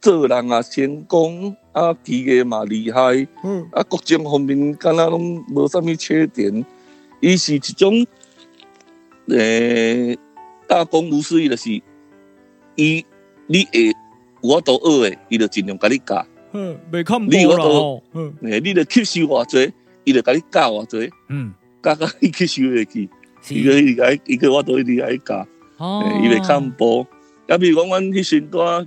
做人啊成功啊，其他嘛厲害，嗯、啊各種方面，敢若攏無啥物缺點。伊是一種誒、欸，大公無私伊著是，伊你會，aga, you, 你哦、Colonel, 你我著學誒，伊著盡量甲你教。未看波咯，你著吸收我做，伊著甲你教我做。嗯，教教伊吸收落去，你喺伊個我度，甲伊教。哦，因為看波。咁譬如講，阮迄時陣。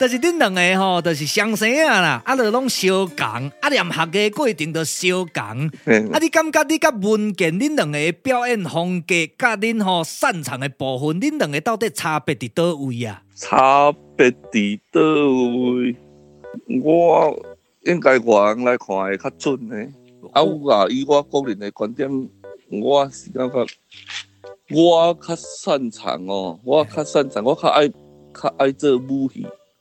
但、就是恁兩個吼，就是相生啦，啊，就攏相共，啊，連學嘅過程都相共。啊，你感覺你甲文建，恁兩個表演風格，甲恁吼擅長嘅部分，恁兩個到底差別佇倒位啊？差別佇倒位？我應該外人來看會較準嘞、嗯。啊，有啊，以我個人嘅觀點，我是感覺我較擅長哦，我較擅長，我較愛，較愛做武戲。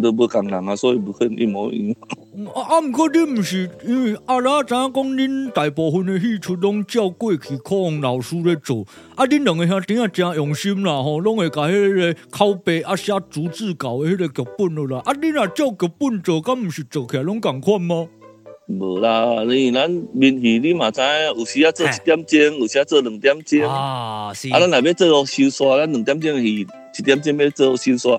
都不一人啊，所以不可能一模一樣啊。啊，唔、啊、過恁唔是，因為阿拉前講恁大部分的戲出攏照過去孔老師來做，啊，恁兩個兄弟也真用心啦吼，攏會把迄個拷貝啊、寫逐字稿的迄個劇本落啦。啊，恁若照劇本做，咁唔是做起來攏咁快嗎？無啦，你咱面戲你嘛知道有、欸，有時啊做一點鐘，有時啊做兩點鐘啊，是啊，啊，啊，咱若要做收煞、啊，咱兩點鐘是，一點鐘要做收煞。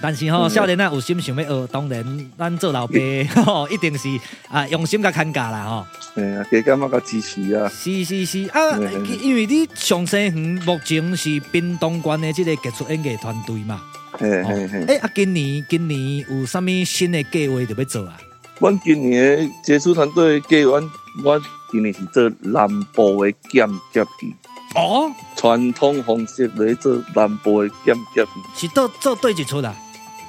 但是吼、哦，少年仔有心想要學，當然咱做老爸吼、欸哦，一定是啊用心甲看教啦吼。誒、哦，給咁樣個支持啊！是是是啊、欸嘿嘿，因為你上西園目前是屏東縣的這個傑出演藝團隊嘛。誒誒誒！誒、哦欸、啊，今年今年有啥物新嘅計劃要做啊？我今年傑出團隊嘅話，我，我今年是做南部嘅鹹煎魚。哦。傳統方式嚟做南部嘅鹹煎魚。是做做對子出啦？